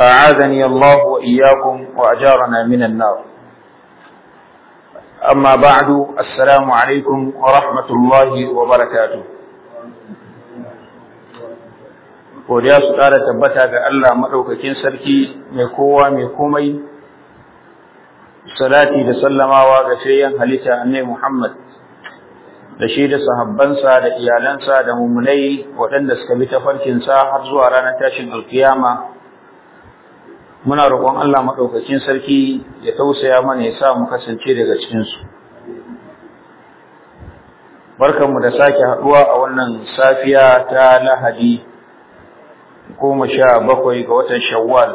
أعاذني الله وإياكم وأجارنا من النار أما بعد السلام عليكم ورحمة الله وبركاته godiya su ƙara tabbata ga Allah maɗaukakin sarki mai kowa mai komai salati da sallamawa ga shayyan halitta annai Muhammad da shi da sahabbansa da iyalansa da mummunai waɗanda suka bi tafarkinsa har zuwa ranar tashin alkiyama muna roƙon Allah maɗaukakin sarki ya tausaya mana ya sa mu kasance daga cikinsu. Barkanmu da sake haɗuwa a wannan safiya ta Lahadi goma sha bakwai ga watan Shawwal,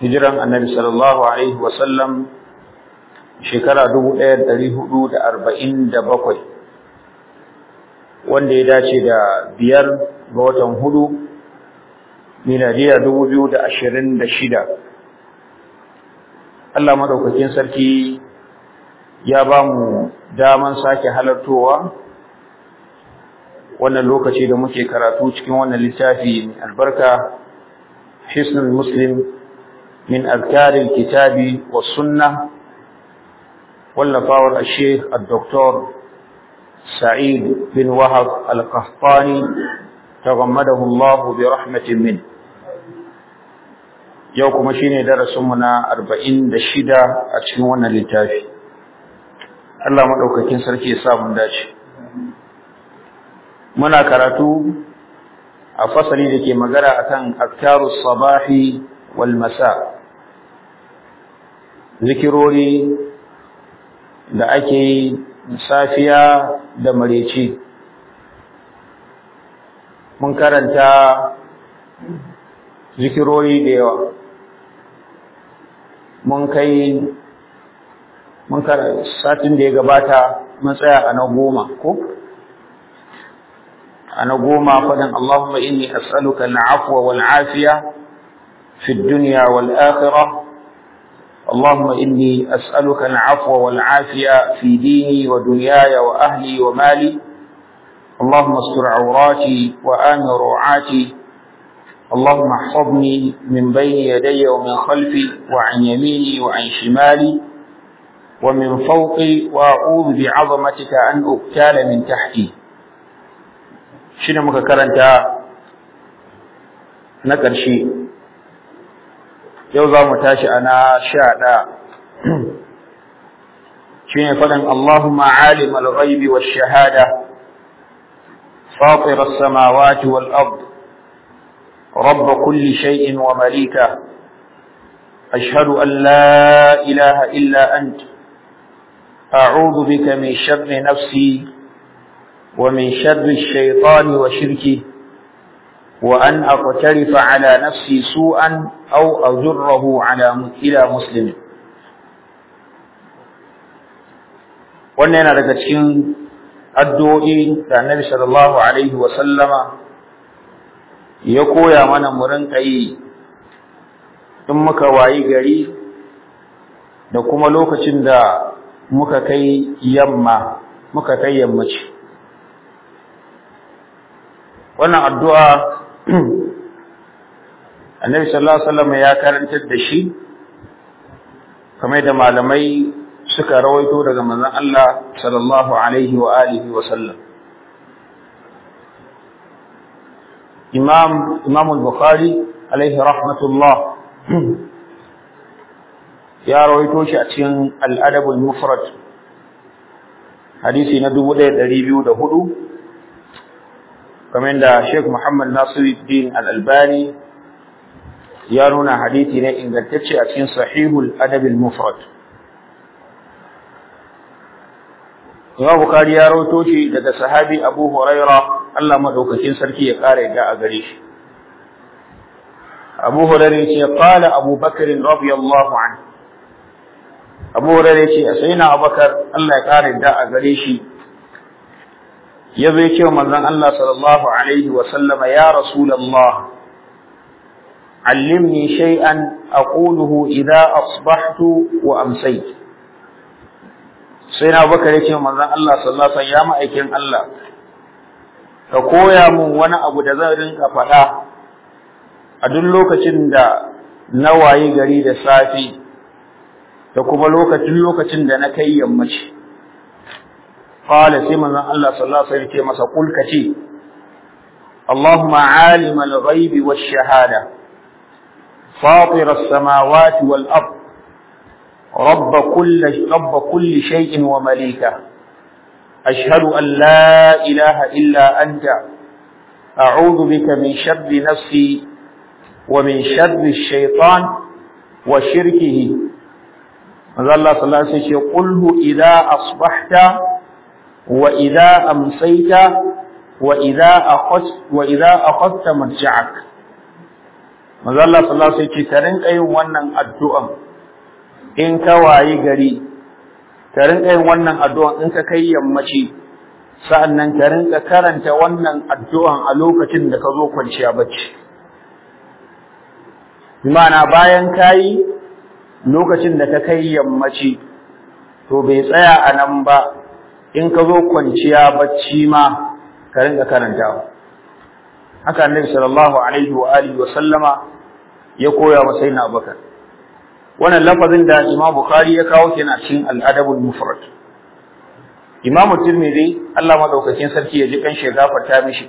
hijiran annabi sallallahu Alaihi wasallam shekara dubu ɗaya ɗari hudu da arba'in da bakwai, wanda ya dace da biyar ga watan hudu miladiya dubu biyu da ashirin da shida Allah madaukakin sarki ya ba mu daman sake halartowa wannan lokaci da muke karatu cikin wannan littafi albarka hisnul muslim min azkaril kitabi wa sunna, wallafawar al-sheikh al-doktor sa'id bin wahab al-qahtani tagammadahu Allah bi rahmatin yau kuma shi shine darasinmu na arba'in da shida a cikin wannan littafi Allah maɗaukakin sarki ya sa dace muna karatu a fasali da ke magana akan aktaru sabahi wal masa zikirori da ake yi safiya da mareci mun karanta zikirori da yawa mun kai mun kara satin da ya gabata mun tsaya a na goma ko a na goma faɗin Allahumma inni as'aluka al'afwa wal afiya fi dunya wal akhirah اللهم إني أسألك العفو والعافية في ديني ودنياي وأهلي ومالي اللهم استر عوراتي وآمن روعاتي اللهم احفظني من بين يدي ومن خلفي وعن يميني وعن شمالي ومن فوقي وأعوذ بعظمتك أن أبتال من تحتي شنو مكرنتا نكر شيء يوزا متاشي أنا شاء شنو فلن اللهم عالم الغيب والشهادة فاطر السماوات والأرض رب كل شيء ومليكه أشهد أن لا إله إلا أنت أعوذ بك من شر نفسي ومن شر الشيطان وشركه وأن أقترف على نفسي سوءا أو أذره على إلى مسلم wannan لقد daga الدوئي addu'o'i صلى الله عليه وسلم ya koya mana mu kai in muka wayi gari da kuma lokacin da muka kai yamma muka kai yammaci wannan addu'a annabi sallallahu alaihi wasallam ya karantar da shi kamar da malamai suka rawaito daga manzon Allah sallallahu alaihi wa alihi wa imam imam al-bukhari alaihi rahmatullah ya rawaito shi a cikin al-adab al-mufrad hadisi na 1204 kamar da Sheikh Muhammad Nasiruddin Al-Albani ya nuna hadisi ne ingantacce a cikin sahihul adab al-mufrad Imam Bukhari ya rawaito shi daga sahabi Abu Huraira Allah madaukakin sarki ya kare da a gare shi Abu Huraira ce qala Abu Bakr radiyallahu anhu Abu Huraira yace sayyidina Abubakar Allah ya kare da a gare shi yazo yace manzon Allah sallallahu alaihi wa sallama ya rasulullah علمني شيئا أقوله إذا أصبحت وأمسيت sai na bakar ya ce manzon Allah sallallahu alaihi wasallam ya ma'aikin Allah ka koya mun wani abu da zan rinka faɗa a duk lokacin da na wayi gari da safi da kuma lokacin lokacin da na kai yammaci qala sai manzon Allah sallallahu alaihi wasallam ya ce masa kul kace اللهم عالم الغيب والشهاده فاطر السماوات والارض رب كل رب كل شيء ومليكه أشهد أن لا إله إلا أنت أعوذ بك من شر نفسي ومن شر الشيطان وشركه ماذا الله صلى الله عليه وسلم قله إذا أصبحت وإذا أمسيت وإذا أخذت وإذا أخذت مرجعك ماذا الله صلى الله عليه وسلم كرنك أيوة الدعاء in ka wayi gari ka rinka yin wannan addu'an in ka kai yammaci sa'annan ka rinka karanta wannan addu'an a lokacin da ka zo kwanciya bacci imana bayan kayi lokacin da ka kai yammaci to bai tsaya a nan ba in ka zo kwanciya bacci ma ka rinka karanta. haka annabi sallallahu alaihi wa alihi wa sallama ya koya wa sayyidina abubakar wannan lafazin da Imam Bukhari ya kawo kenan cikin Al-Adabul Mufrad Imam Tirmidhi Allah madaukakin sarki ya ji kan shi ta mishi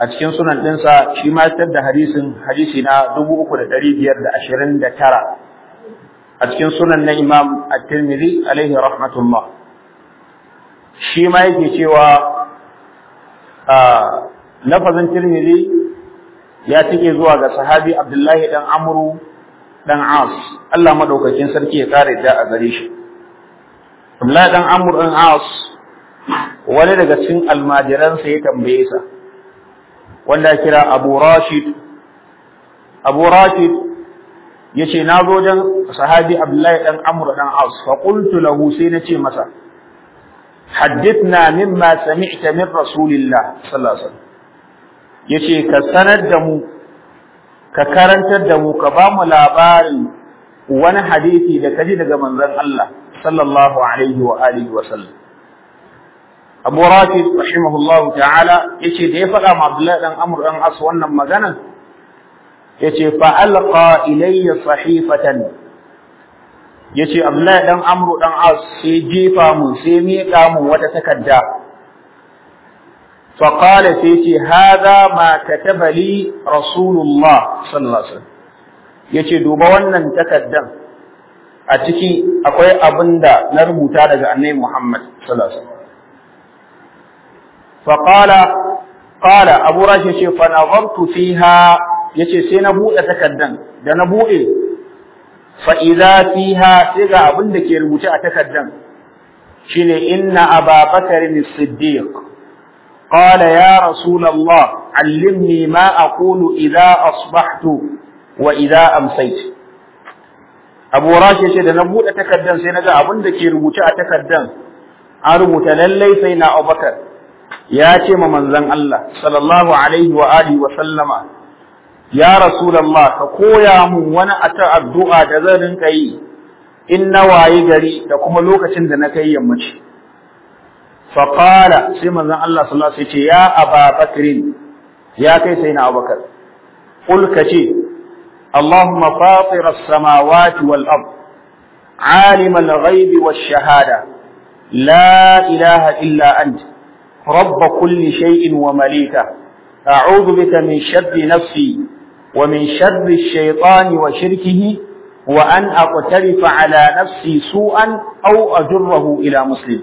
a cikin sunan dinsa shi ma tar da hadisin hadisi na 3529 a cikin sunan na Imam At-Tirmidhi alaihi rahmatullah shi ma yake cewa a lafazin Tirmidhi ya tike zuwa ga sahabi Abdullahi dan Amru Ɗan As Allah maɗaukakin sarki ya ƙara yadda a gare shi Abdullahi Ɗan Amur Ɗan As wani daga cikin almajiransa ya tambaye sa wanda kira Abu Rashid Abu Rashid yace na zo dan sahabi Abdullahi Ɗan Amur dan As fa qultu lahu sai nace masa حدثنا na min من رسول الله صلى الله yace ka sanar da mu ka karantar da mu ka ba mu labarin wani hadisi da kaji daga manzon Allah sallallahu alaihi wa alihi wa sallam Abu Rafi rahimahullahu ta'ala yace da ya faɗa ma Abdullahi dan Amr dan As wannan magana yace fa alqa ilayya sahifatan yace Abdullahi dan Amr dan As sai jefa mu sai miƙa mu wata takarda فقال سيتي هذا ما كتب لي رسول الله صلى الله عليه وسلم duba wannan takardan a ciki akwai abinda na rubuta daga annabi Muhammad sallallahu Abu Rashi ce fa nazartu fiha yace sai na bude takardan da na bude fa fiha sai ga abinda ke rubuta a takaddan shine inna Abubakar as قال يا رسول الله علمني ما أقول إذا أصبحت وإذا أمسيت Abu Rashi ce da na buɗe takardan sai naga abin da ke rubuce a takardan an rubuta lallai sai na Abubakar ya ce ma manzon Allah sallallahu alaihi wa alihi wa sallama ya rasulullah ka koya mun wani ata addu'a da zan rinka yi in na wayi gari da kuma lokacin da na kai yammaci فقال سيدنا ذا الله صلى الله عليه وسلم يا أبا بكر يا كي سينا أبا بكر قل كشي اللهم فاطر السماوات والأرض عالم الغيب والشهادة لا إله إلا أنت رب كل شيء ومليكة أعوذ بك من شر نفسي ومن شر الشيطان وشركه وأن أقترف على نفسي سوءا أو أجره إلى مسلم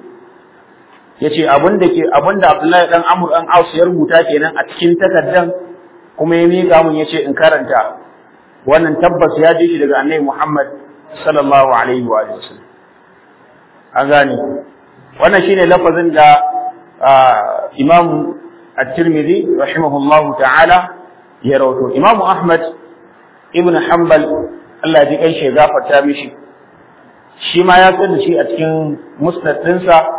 yace abin da ke abin da Abdullahi dan Amr dan Aus ya rubuta kenan a cikin takardan kuma ya miƙa mun yace in karanta wannan tabbas ya je shi daga Annabi Muhammad sallallahu alaihi wa sallam an gane wannan shine lafazin da Imam At-Tirmidhi rahimahullahu ta'ala ya rawato Imam Ahmad ibn Hanbal Allah ji kai shi gafarta mishi shi ma ya tsada shi a cikin musnad ɗinsa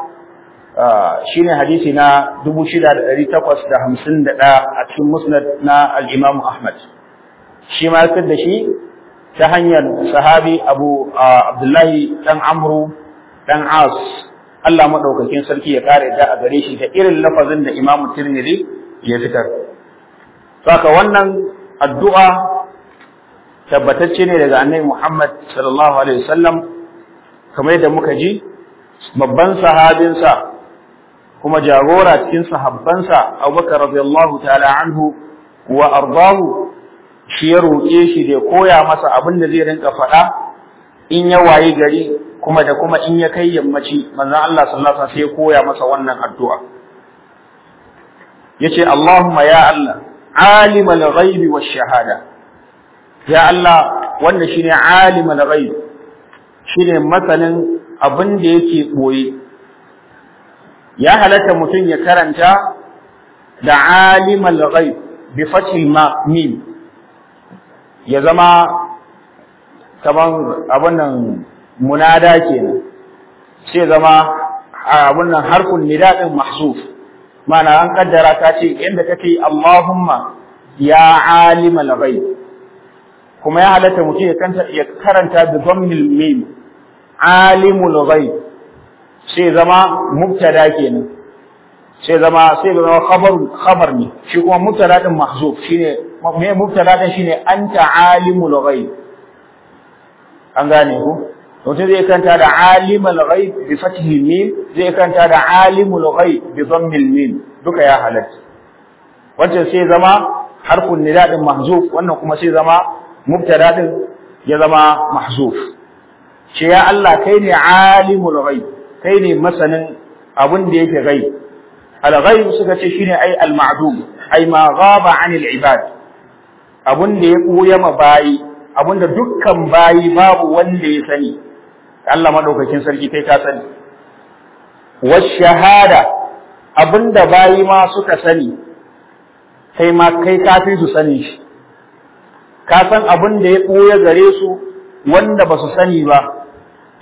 shine hadisi na 6851 a cikin musnad na al-Imam Ahmad shi ma yakar da shi ta hanyar sahabi Abu Abdullahi dan Amru dan As Allah madaukakin sarki ya kare da a gare shi da irin lafazin da Imam Tirmidhi ya fitar saka wannan addu'a tabbatacce ne daga Annabi Muhammad sallallahu alaihi wasallam kamar yadda muka ji babban sahabinsa kuma jagora cikin sahabbansa Abubakar radiyallahu ta'ala anhu wa ardahu shi ya roƙe shi da koya masa abin da zai rinka faɗa in ya wayi gari kuma da kuma in ya kai yammaci manzon Allah sallallahu alaihi wasallam sai ya koya masa wannan addu'a yace Allahumma ya Allah alimul ghaibi wash shahada ya Allah wannan shine alimul ghaibi shine masanin abin da yake boye ya halatta mutum ya karanta da alimal ghaib bi fathil ma mim ya zama kaman abun nan munada kenan sai zama abun nan harfun nidadin mahzuf mana an kaddara ta ce inda kake Allahumma ya alimal ghaib kuma ya halatta mutum ya karanta bi dhammil mim alimul ghaib sai zama mubtada kenan sai zama sai zama khabar khabar ne shi kuma mubtada din mahzuf shine me mubtada din shine anta alimul ghaib an gane ku mutum zai kanta da alimul ghaib bi fathi mim zai kanta da alimul ghaib bi dhammil mim duka ya halatta wancan sai zama harfun nida din mahzuf wannan kuma sai zama mubtada din ya zama mahzuf ce ya Allah kai ne alimul ghaib kai ne masanin abin da yake gai al suka ce shine ai al-ma'dum ai ma ghaba 'anil ibad abin da ya koya ma bayi abin da dukkan bayi babu wanda ya sani Allah madaukakin sarki kai ka sani was shahada abin da bayi ma suka sani kai ma kai ka fi su sani shi ka san abin da ya koya gare su wanda ba su sani ba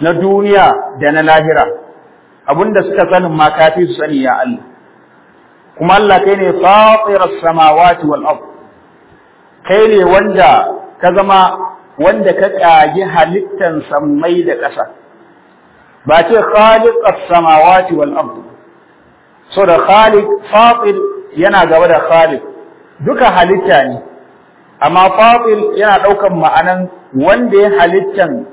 na duniya da na lahira abinda suka sanin ma kafi su sani ya Allah kuma Allah kai ne fatiras samawati wal ard kai ne wanda ka zama wanda ka kage halittan samai da ƙasa ba ce khaliqas samawati wal ard so da khaliq fatir yana gaba da khaliq duka halitta ne amma fatir yana daukan ma'anan wanda ya halittan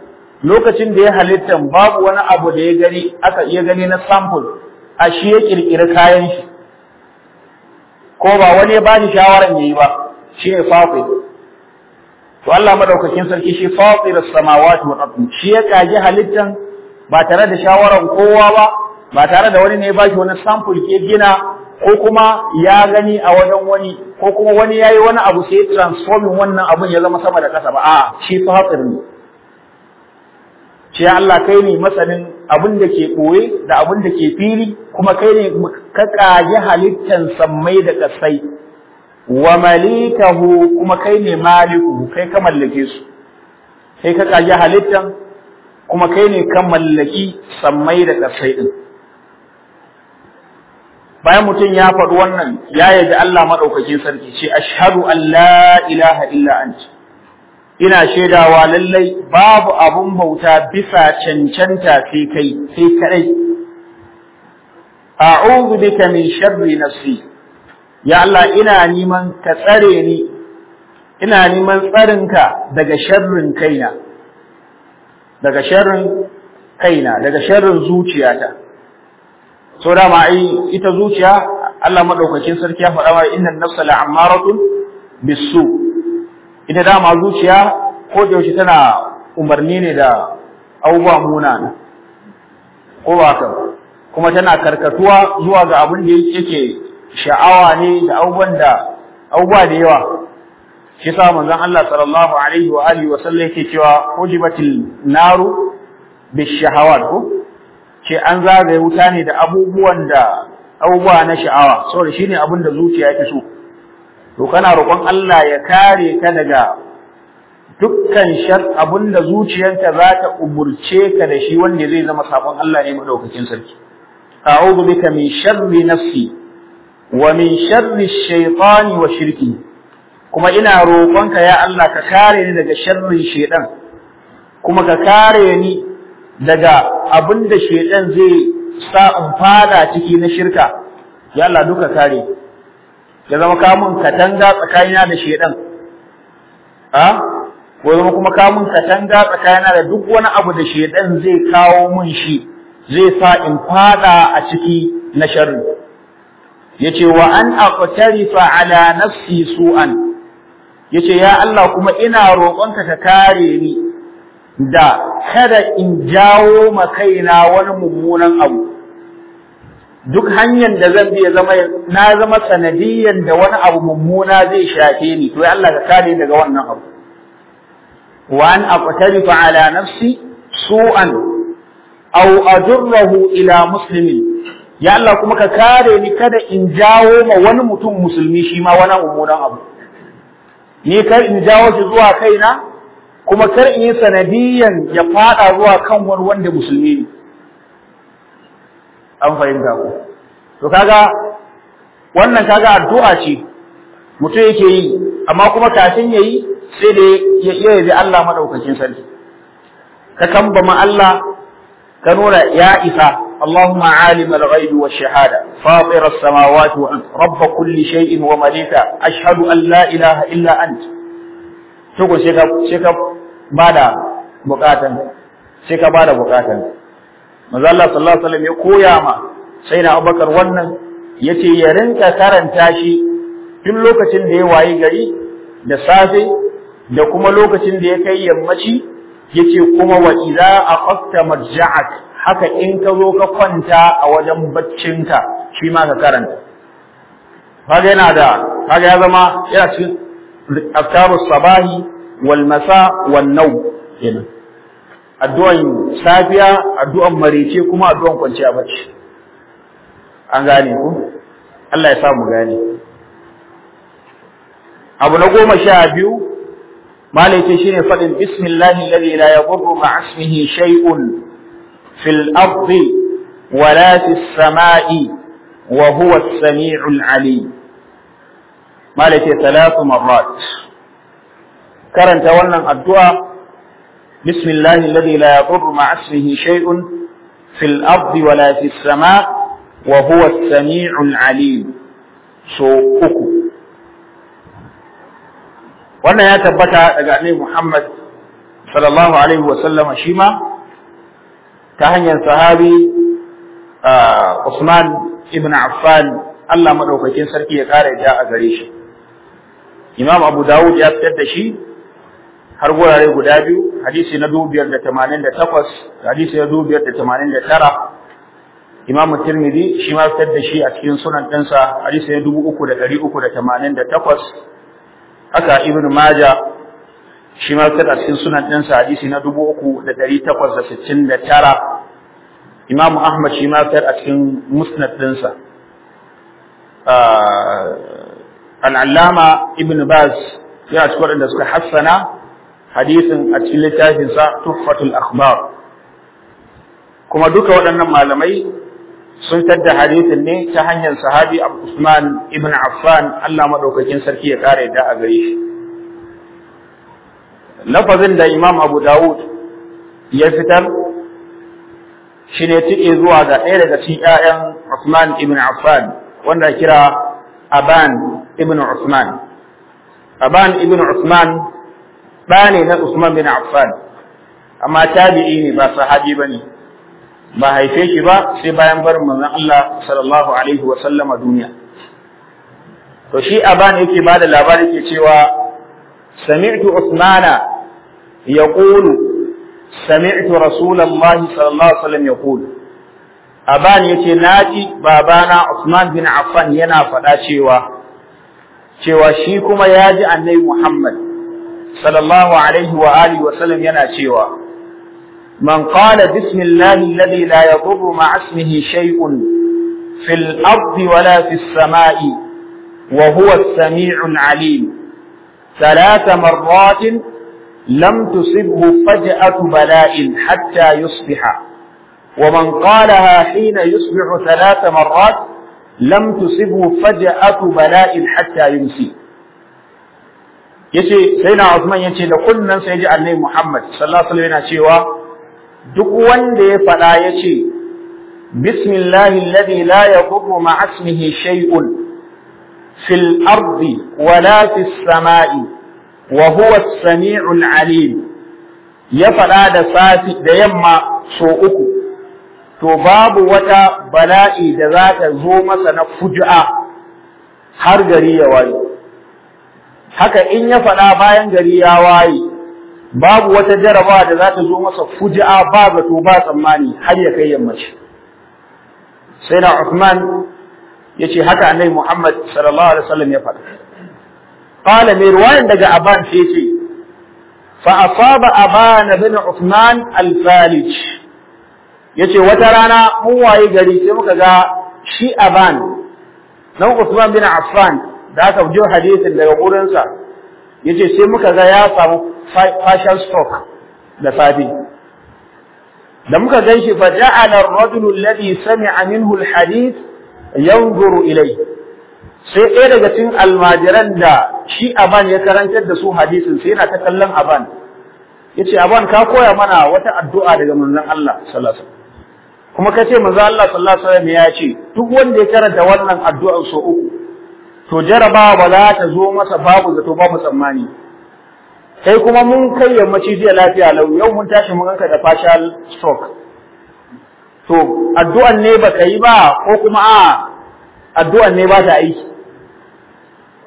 lokacin da ya halitta babu wani abu da ya gani aka iya gani na sample a shi ya kirkiri kayan shi ko ba wani ya bani shawaran yayi ba shi ne fafi to Allah madaukakin sarki shi fafi da samawati wa ardi shi ya kaji halittan ba tare da shawaran kowa ba ba tare da wani ne ya shi wani sample ke gina ko kuma ya gani a wajen wani ko kuma wani yayi wani abu sai transforming wannan abun ya zama sama da kasa ba a'a shi fafi ne ce Allah kai ne masanin abin da ke ɓoye da abin da ke fili kuma kai ne ka ƙage halittan sammai da ƙasai wa malikahu kuma kai ne maliku kai ka mallake su kai ka ƙage halittan kuma kai ne ka mallaki sammai da ƙasai ɗin bayan mutum ya faɗi wannan ya yaji Allah maɗaukakin sarki ce ashhadu an la ilaha illa anta ina shaidawa lallai babu abun bauta bisa cancanta sai kai sai kadai a'udhu bika min sharri nafsi ya Allah ina neman ka tsare ni ina neman tsarinka daga sharrin kaina daga sharrin kaina daga sharrin zuciyata so da ma ai ita zuciya Allah madaukakin sarki ya faɗa wa innan nafsa la'amaratun bisu ita dama zuciya ko da yaushe tana umarni ne da abubuwa munana ko ba ka kuma tana karkatuwa zuwa ga abin da yake sha'awa ne da abubuwan da abubuwa da yawa shi sa manzon Allah sallallahu alaihi wa alihi wa sallam yake cewa hujibatil naru bishahawat ko ke an zagaye wuta ne da abubuwan da abubuwa na sha'awa saboda shine abin da zuciya yake so to kana roƙon Allah ya kare ka daga dukkan shar abinda zuciyarka za ta umurce ka da shi wanda zai zama sabon Allah ne madaukakin sarki a'udhu bika min sharri nafsi wa min sharri shaytani wa shirki kuma ina ka ya Allah ka kare ni daga sharrin shaytan kuma ka kare ni daga abinda shaytan zai sa in fada ciki na shirka ya Allah duka kare ya zama kamun katanga tsakanina da shedan a ko zama kuma kamun katanga tsakanina da duk wani abu da shedan zai kawo mun shi zai sa in fada a ciki na sharri yace wa an aqtarifa ala nafsi su'an yace ya Allah kuma ina roƙonka ka kare ni da kada in jawo ma kaina wani mummunan abu duk hanyar da zan bi zama na zama sanadiyan da wani abu mummuna zai shafe ni to ya Allah ka kare daga wannan abu wa an fa ala nafsi su'an aw ajurruhu ila muslimin ya Allah kuma ka kare ni kada in jawo ma wani mutum musulmi shi ma wani mummunan abu ni kar in jawo shi zuwa kaina kuma kar in yi sanadiyyan ya fada zuwa kan wani wanda musulmi ne an fahimta ko to kaga wannan kaga addu'a ce mutum yake yi amma kuma kafin yayi sai da ya iya yabi Allah madaukakin sarki ka kambama Allah ka nuna ya isa اللهم عالم الغيب والشهادة فاطر السماوات وأنت رب كل شيء ومليكه أشهد أن لا إله إلا أنت شكرا شكرا بعد بقاتا شكرا بعد بقاتا manzo Allah sallallahu alaihi wasallam ya koya ma sai na Abubakar wannan yace ya rinka karanta shi duk lokacin da ya wayi gari da safe da kuma lokacin da ya kai yammaci yace kuma wa idza aqta marja'ak haka in ka zo ka kwanta a wajen baccinka shi ma ka karanta kaga yana da kaga ya zama yana cikin aftarus sabahi wal masa wal nau kenan addu'an safiya addu'an marece kuma addu'an kwanciya bacci an gane ku Allah ya samu gane abu na goma sha biyu malaike shine faɗin bismillahi alladhi la ya gudu ismihi shay'un fil ardi wala fis sama'i wa huwa as-sami'ul 'alim malaike thalath marrat karanta wannan addu'a بسم الله الذي لا يضر مع اسمه شيء في الأرض ولا في السماء وهو السميع uku wannan ya tabbata daga annabi Muhammad sallallahu ta hanyar sahabi Usman ibn Affan Allah madaukakin sarki ya kare da a gare shi Imam Abu Dawud ya fitar da shi har gurare guda biyu hadisi na 2588 hadisi na tara. Imam Tirmidhi shi ma fitar da shi a cikin sunan ɗinsa hadisi na takwas. haka Ibn Majah shi ma fitar a cikin sunan ɗinsa hadisi na tara. Imam Ahmad shi ma fitar a cikin musnad ɗinsa ah, Al'allama Ibn Baz yana cikin waɗanda suka hassana hadisin a cikin littafin sa Tuhfatul Akhbar kuma duka waɗannan malamai sun tadda hadisin ne ta hanyar sahabi Abu Usman ibn Affan Allah maɗaukakin sarki ya kare da a gare shi lafazin da Imam Abu Dawud ya fitar shi ne tuke zuwa ga ɗaya daga cikin yayan Usman ibn Affan wanda kira Aban ibn Usman Aban ibn Usman ɗa ne na Usman bin Affan amma tabi'i ne ba sahabi bane ba haife shi ba sai bayan barin manzon Allah sallallahu alaihi wa duniya to shi aban yake ba da labari ke cewa sami'tu Usmana yaqulu sami'tu rasulullahi sallallahu alaihi wa sallam yaqulu aban yace naji babana Usman bin Affan yana faɗa cewa cewa shi kuma ya ji annabi Muhammad صلى الله عليه وآله وسلم يناشيوا من قال بسم الله الذي لا يضر مع اسمه شيء في الأرض ولا في السماء وهو السميع العليم ثلاث مرات لم تصبه فجأة بلاء حتى يصبح ومن قالها حين يصبح ثلاث مرات لم تصبه فجأة بلاء حتى يمسي yace sai na Usman yace da kunnan sai ji Annabi Muhammad sallallahu alaihi wasallam yana cewa duk wanda ya faɗa yace bismillahi alladhi la yaqurru ma'a ismihi shay'un fil ardi wala fis sama'i wa huwa as-sami'ul alim ya faɗa da safi da yamma so uku to babu wata bala'i da za ta zo masa na fuj'a har gari ya wayo haka in ya faɗa bayan gari ya waye babu wata jarabawa da za ta zo masa fuji'a ba zato ba tsammani har ya kai yammaci sai na Uthman ya ce haka annabi Muhammad sallallahu alaihi wasallam ya faɗa qala mai ruwayan daga aban ce ce fa asaba abana bin Uthman al-Falij yace wata rana mun waye gari sai muka ga shi aban dan Uthman bin Affan da aka ji hadisin daga gurinsa yace sai muka ga ya samu partial stroke da safi da muka gan shi fa ja'ala ar-rajulu alladhi sami'a minhu al-hadith yanzuru sai ɗaya daga cikin almajiran da shi aban ya karantar da su hadisin sai yana ta kallon aban ce aban ka koya mana wata addu'a daga manzon Allah sallallahu alaihi wasallam kuma kace manzon Allah sallallahu alaihi wasallam ya ce duk wanda ya karanta wannan addu'ar so uku to jarabawa ba za ta zo masa babu zato babu tsammani Sai kuma mun kai yammaci jiya lafiya lau yau mun tashi mun ganka da partial stroke to addu'an ne baka yi ba ko kuma a addu'an ne ba ta aiki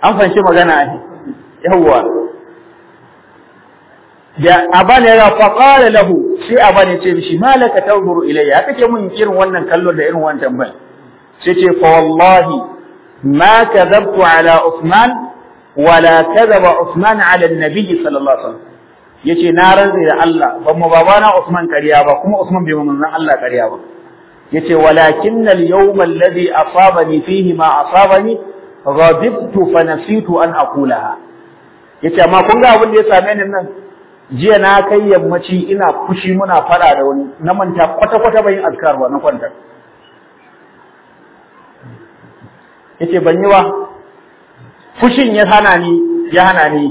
an fanci magana ai yawwa da abane ya faqala lahu sai abane ce mishi malaka tawduru ilayya kake mun irin wannan kallon da irin wannan tambayar? sai ce fa wallahi ما كذبت على عثمان ولا كذب عثمان على النبي صلى الله عليه وسلم yace na rantsi da Allah ban mu babana Usman kariya ba kuma Usman bai mun Allah kariya ba yace walakin al-yawma alladhi asabani fihi ma asabani ghadibtu fa nasitu an aqulaha yace amma kun ga abin da ya same ni nan jiya na kai yammaci ina fushi muna fara da wani na manta kwata kwata bai azkar ba na kwanta yace ban yi ba. fushin ya hana ni ya hana ni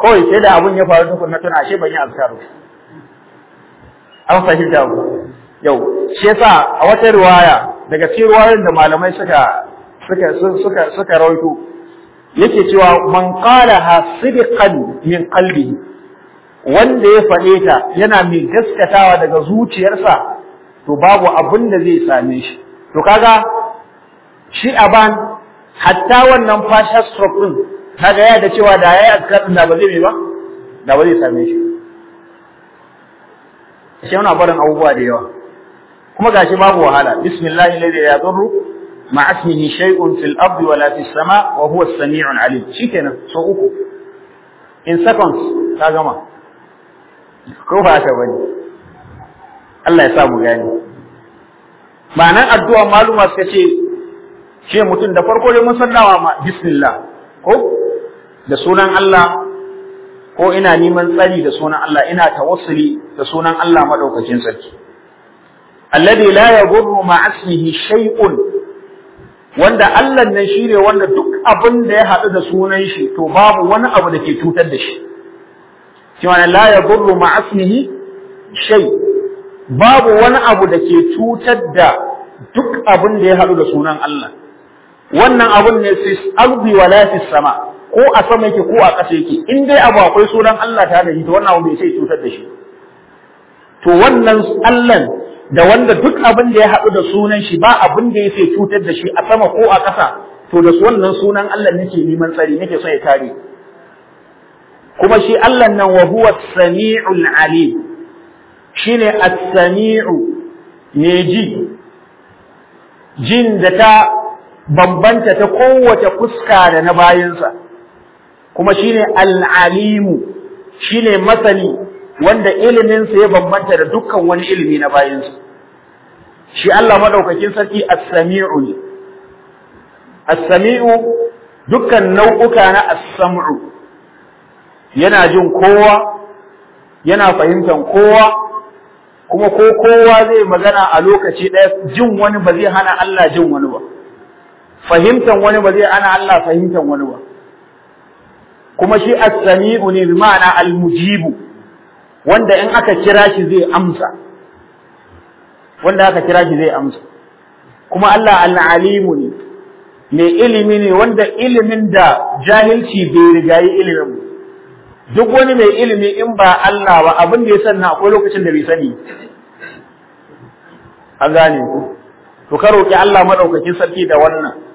kawai sai da abun ya faru tukun na tuna ashe ban yi azkar an fahimta ku yau shi yasa a wata riwaya daga cikin riwayoyin da malamai suka suka suka suka rawaito yake cewa man hasidikan sidqan min qalbihi wanda ya faɗe ta yana mai gaskatawa daga zuciyarsa to babu abin da zai same shi to kaga shi ban. hatta wannan partial stroke ɗin. kaga ya da cewa da yayi azkar din da ba zai ba da ba zai same shi shi yana barin abubuwa da yawa kuma gashi babu wahala bismillahi alladhi da ya ma ismihi shay'un fil ardi wala fis sama wa huwa as-sami'un alim shikenan so uku in seconds ka gama ko ba ta bane Allah ya sa mu gani ma'anan addu'a maluma suka ce Ce mutum da farko dai mun san dawa ma bismillah ko da sunan Allah ko ina neman tsari da sunan Allah ina tawassuli da sunan Allah madaukakin sarki alladhi la yadurru ma ismihi shay'un wanda Allah nan shine wanda duk abin da ya hadu da sunan shi to babu wani abu da ke cutar da shi cewa la yadurru ma ismihi shay babu wani abu da ke cutar da duk abin da ya hadu da sunan Allah wannan abun ne fi ardi wa fi sama ko a sama yake ko a ƙasa yake in dai abu akwai sunan Allah ta da shi to wannan abu bai sai cutar da shi to wannan Allah da wanda duk abin da ya haɗu da sunan shi ba abin da ya sai cutar da shi a sama ko a ƙasa to da wannan sunan Allah nake neman tsari nake so ya kare kuma shi Allah nan wa huwa samiul alim shine as-sami'u ne ji jin da ta bambanta ta kowace fuska da na bayansa kuma shine al'alimu shine masani wanda iliminsa ya bambanta da dukkan wani ilimi na bayansa shi Allah madaukakin sarki as-sami'u ne as-sami'u dukkan nau'uka na as-sam'u yana jin kowa yana fahimtar kowa kuma ko kowa zai magana a lokaci ɗaya jin wani ba zai hana Allah jin wani ba fahimtan wani ba zai ana Allah fahimtan wani ba kuma shi as-sami'u ne ma'ana al-mujibu wanda in aka kira shi zai amsa wanda aka kira shi zai amsa kuma Allah al-alimu ne mai ilimi ne wanda ilimin da jahilci bai rigayi ilimin ba duk wani mai ilimi in ba Allah ba abin da ya sanna akwai lokacin da bai sani an gane ku to ka roki Allah madaukakin sarki da wannan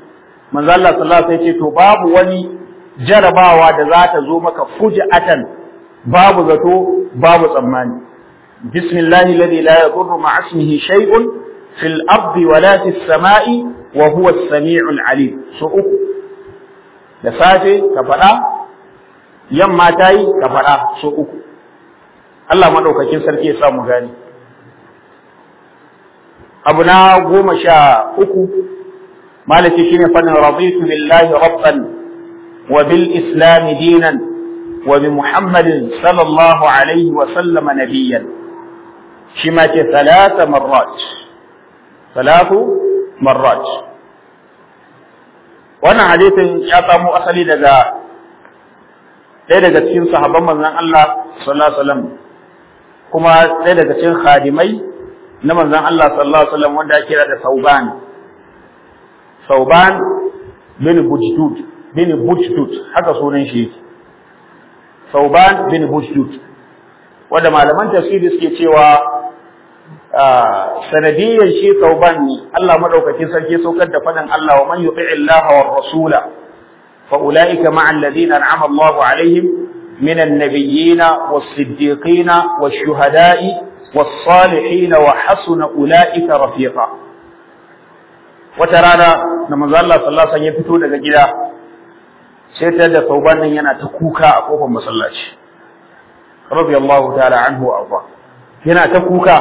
manzo Allah sallallahu alaihi wasallam to babu wani jarabawa da za ta zo maka fujatan babu zato babu tsammani bismillahi alladhi la yadurru ma'a ismihi shay'un fil ardi wala fis sama'i wa huwa as-sami'ul alim so uku da safe ka faɗa yamma ta yi ka faɗa so uku Allah maɗaukakin sarki ya samu gani abu na goma sha uku malaci shine fannin raditu billahi rabban wa bil islam dinan wa bi muhammadin sallallahu alaihi wa sallama nabiyyan shi ma ce salasa marrat salatu marrat wannan hadisin ya samo asali daga ɗaya daga cikin sahabban manzon Allah sallallahu alaihi wasallam kuma ɗaya daga cikin khadimai na manzon Allah sallallahu alaihi wasallam wanda ake kira da Sauban sauban bin bujdud bin bujdud haka sunan shi yake sauban bin bujdud wanda malaman tafsiri suke cewa sanadiyyar shi sauban ne Allah madaukakin sarki saukar da fadan Allah wa man yuti Allah wa rasula fa ulaika ma alladhina an'ama Allahu alaihim من النبيين والصديقين والشهداء والصالحين وحسن أولئك رفيقا wata rana da manzo Allah sallallahu alaihi ya fito daga gida sai ta da sauban nan yana ta kuka a kofar masallaci radiyallahu ta'ala anhu arda yana ta kuka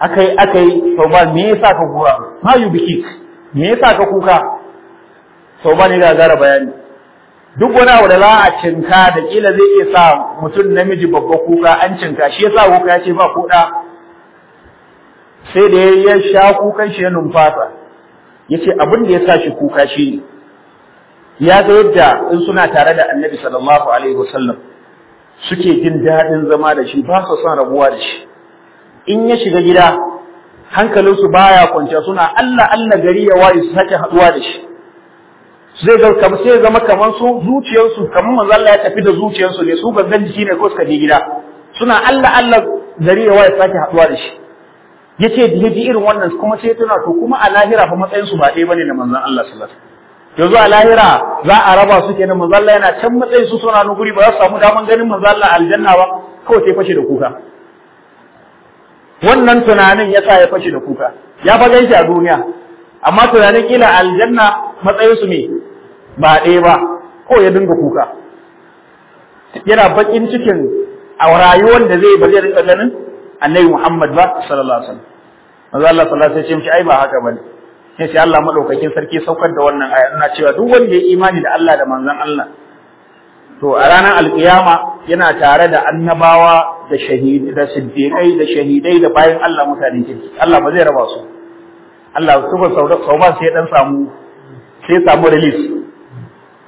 akai akai sauban me yasa ka kuka ma yubiki me yasa ka kuka sauban ne gagara bayani duk wani abu da za a cinka da kila zai iya sa mutum namiji babba kuka an cinka shi yasa kuka ya ce ba kuɗa sai da ya sha kukan shi ya numfasa yace abin da ya sa shi kuka shi ne. ya ga yadda in suna tare da Annabi sallallahu alaihi wasallam suke jin daɗin zama da shi ba su son rabuwa da shi in ya shiga gida hankalinsu baya kwance suna Allah Allah gari ya waye su sake haɗuwa da shi zai ga kamar sai zama kamar su zuciyarsu kamar manzo Allah ya tafi da zuciyarsu ne su gangan jiki ne ko suka je gida suna Allah Allah gari ya waye su sake haɗuwa da shi ya ce da ji irin wannan kuma sai tana to kuma a lahira fa matsayin su ba ɗaya bane na manzon Allah sallallahu alaihi yanzu a lahira za a raba su kenan manzon Allah yana can matsayin su suna nan guri ba za su samu daman ganin manzon Allah aljanna ba kawai sai fashe da kuka wannan tunanin ya sa ya fashe da kuka ya fa ganshi a duniya amma tunanin kila aljanna matsayin su ne ba ɗaya ba ko ya dinga kuka yana bakin cikin a rayuwar da zai ba zai ganin annabi Muhammad ba sallallahu alaihi wasallam manzo Allah sallallahu alaihi wasallam ya ce mishi ai ba haka bane ne sai Allah madaukakin sarki saukar da wannan aya ina cewa duk wanda ya imani da Allah da manzon Allah to a ranar alkiyama yana tare da annabawa da shahidai da siddiqai da shahidai da bayan Allah mutane kirki Allah ba zai raba su Allah su kuma sauban sai dan samu sai samu release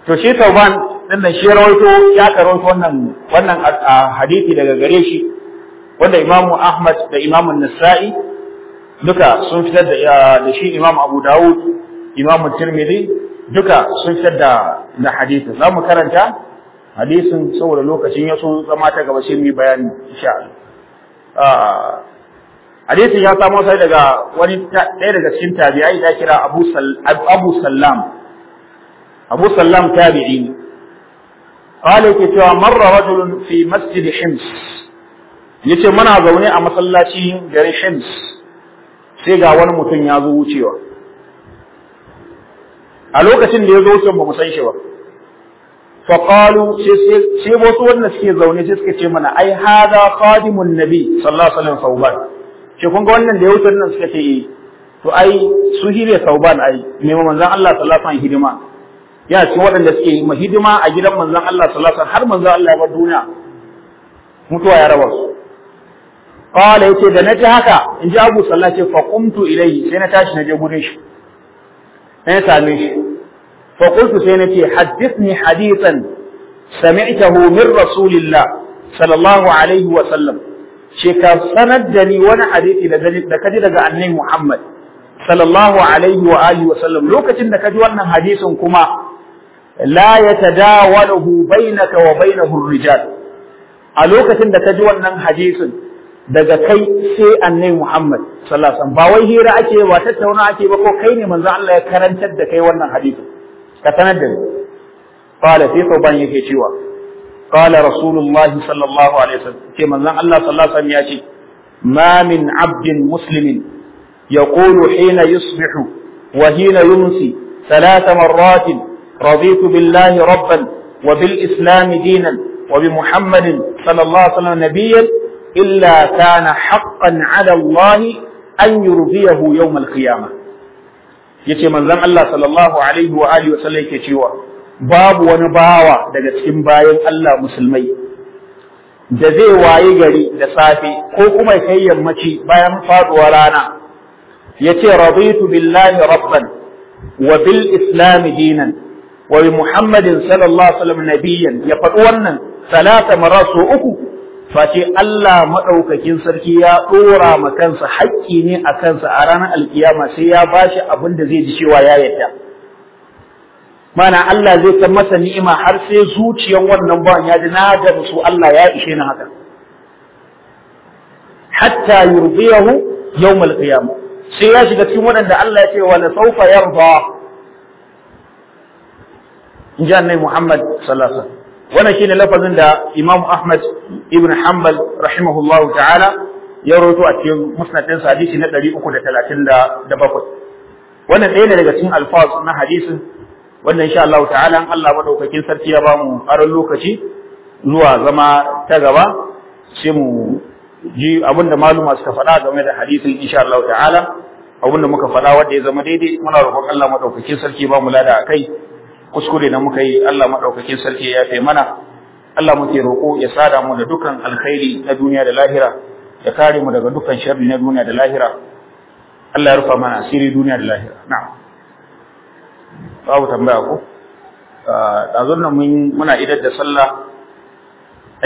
to shi tauban din nan shi rawaito ya karanto wannan wannan ah, hadisi daga gare shi wanda imamu ahmad da imamu nasa'i duka sun fitar da shi imamu abu dawud imamu tirmidhi duka sun fitar da da hadisi za mu karanta hadisin saboda lokacin ya so zama ta gaba sai bayani insha Allah ah, hadisin ya samo sai daga wani ɗaya daga cikin tabi'ai da kira Abu Abu Sallam Abu Sallam tabi'i قال كتاب مر رجل في مسجد حمص yace muna zaune a masallacin garin Hims sai ga wani mutum ya zo wucewa a lokacin da ya zo wucewa ba mu san shi ba fa qalu sai wasu wanda suke zaune sai suka ce mana ai hada khadimun nabi sallallahu alaihi wasallam sauban ce kun ga wannan da ya wuce nan suka ce eh to ai su hire sauban ai me manzon Allah sallallahu alaihi wasallam hidima Ya ci waɗanda suke yi hidima a gidan manzon Allah sallallahu alaihi wasallam har manzon Allah ya bar duniya mutuwa ya raba su ya yace da naji haka in ji Abu Sallah ce fa ilayhi sai na tashi na je gudun shi sai same shi fa qultu sai nace hadithni hadisan. sami'tahu min rasulillah sallallahu alaihi wa sallam ce ka sanar da ni wani hadisi da kaji daga annabi Muhammad sallallahu alaihi wa alihi wa sallam lokacin da kaji wannan hadisin kuma la yatadawalahu bainaka wa bainahu rijal a lokacin da kaji wannan hadisin daga kai sai annabi Muhammad sallallahu alaihi wasallam ba wai hira ake ba tattauna ake ba ko kai ne manzo Allah ya karantar da kai wannan hadisi ka sanar da ni qala sai ban yake cewa qala rasulullah sallallahu alaihi wasallam ke manzo Allah sallallahu alaihi wasallam ya ce ma min abdin muslimin yaqulu hina yusbihu wa hina yumsi ثلاث مرات رضيت بالله ربا وبالإسلام دينا وبمحمد صلى الله عليه وسلم نبيا إلا كان حقا على الله أن يرضيه يوم القيامة yace manzon Allah sallallahu alaihi wa alihi wa sallam yake cewa babu wani bawa daga cikin bayan Allah musulmai da zai waye gari da safe ko kuma kai yammaci bayan faɗuwa rana yace raditu billahi rabban wa bil islam dinan wa bi muhammadin sallallahu alaihi wa sallam ya faɗi wannan salata marasu uku face Allah maɗaukakin sarki ya ɗora ma kansa haƙƙi ne a kansa a ranar alkiyama sai ya ba shi abin da zai ji cewa ya yarda mana Allah zai ta masa ni'ima har sai zuciyan wannan bawan ya ji na da su Allah ya ishe ni haka hatta yurdiyahu yawmal qiyamah sai ya shiga cikin waɗanda Allah ya ce wa la sawfa yarda in Muhammad sallallahu alaihi wasallam wannan shine lafazin da Imam Ahmad ibn Hanbal rahimahullahu ta'ala ya rawaito a cikin musnad din hadisi na 337 wannan ɗaya ne daga cikin alfaz na hadisin wannan insha Allah ta'ala Allah madaukakin sarki ya bamu aron lokaci zuwa zama ta gaba sai mu ji abinda maluma suka faɗa game da hadisin insha Allah ta'ala abinda muka faɗa wanda ya zama daidai muna roƙon Allah madaukakin sarki ba mu lada kai. kuskure na muka yi Allah maɗaukakin sarki ya yafe mana Allah muke roƙo ya sada mu da dukan alkhairi na duniya da lahira ya kare mu daga dukan sharri na duniya da lahira Allah ya rufa mana asiri duniya da lahira na'am babu tambaya ko ah, ɗazun mun muna idar da sallah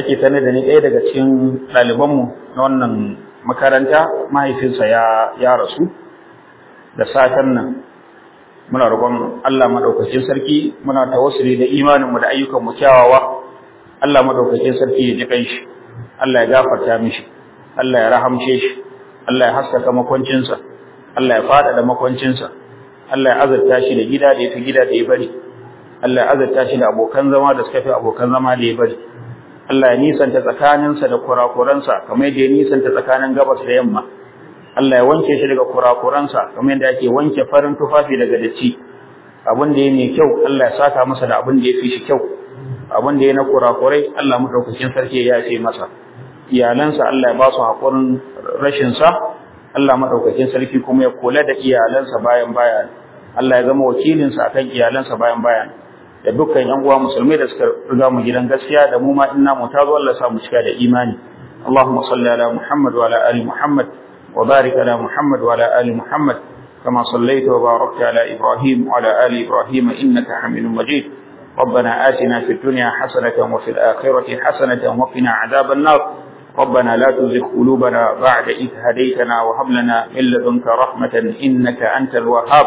ake tana da ni ɗaya daga cikin ɗaliban mu na wannan makaranta mahaifinsa ya rasu da satan nan muna roƙon Allah madaukakin sarki muna tawassuli da imaninmu da ayyukan mu kyawawa Allah madaukakin sarki ya ji kanshi Allah ya gafarta mishi Allah ya rahamshe shi Allah ya haskaka makwancinsa Allah ya fada da makwancinsa Allah ya azurta shi da gida da yafi gida da ya bari Allah ya azurta shi da abokan zama da suka fi abokan zama da ya bari Allah ya nisanta tsakaninsa da kurakuransa kamar yadda ya nisanta tsakanin gabas da yamma Allah ya wanke shi daga kurakuransa kamar yadda ake wanke farin tufafi daga datti abin da ya mai kyau Allah ya saka masa da abin da ya fi shi kyau abin da ya na kurakurai Allah madaukakin sarki ya ce masa iyalansa Allah ya ba su hakurin rashin sa Allah madaukakin sarki kuma ya kula da iyalansa bayan bayan Allah ya zama wakilinsa akan iyalansa bayan bayan da dukkan yan uwa musulmai da suka riga mu gidan gaskiya da mu ma inna mu ta zo sa mu cika da imani Allahumma salli ala Muhammad wa ali Muhammad وبارك على محمد وعلى آل محمد كما صليت وباركت على إبراهيم وعلى آل إبراهيم إنك حميد مجيد ربنا آتنا في الدنيا حسنة وفي الآخرة حسنة وقنا عذاب النار ربنا لا تزغ قلوبنا بعد إذ هديتنا وهب لنا من لدنك رحمة إنك أنت الوهاب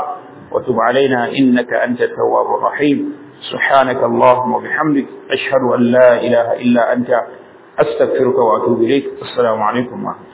وتب علينا إنك أنت التواب الرحيم سبحانك اللهم وبحمدك أشهد أن لا إله إلا أنت أستغفرك وأتوب إليك السلام عليكم ورحمة الله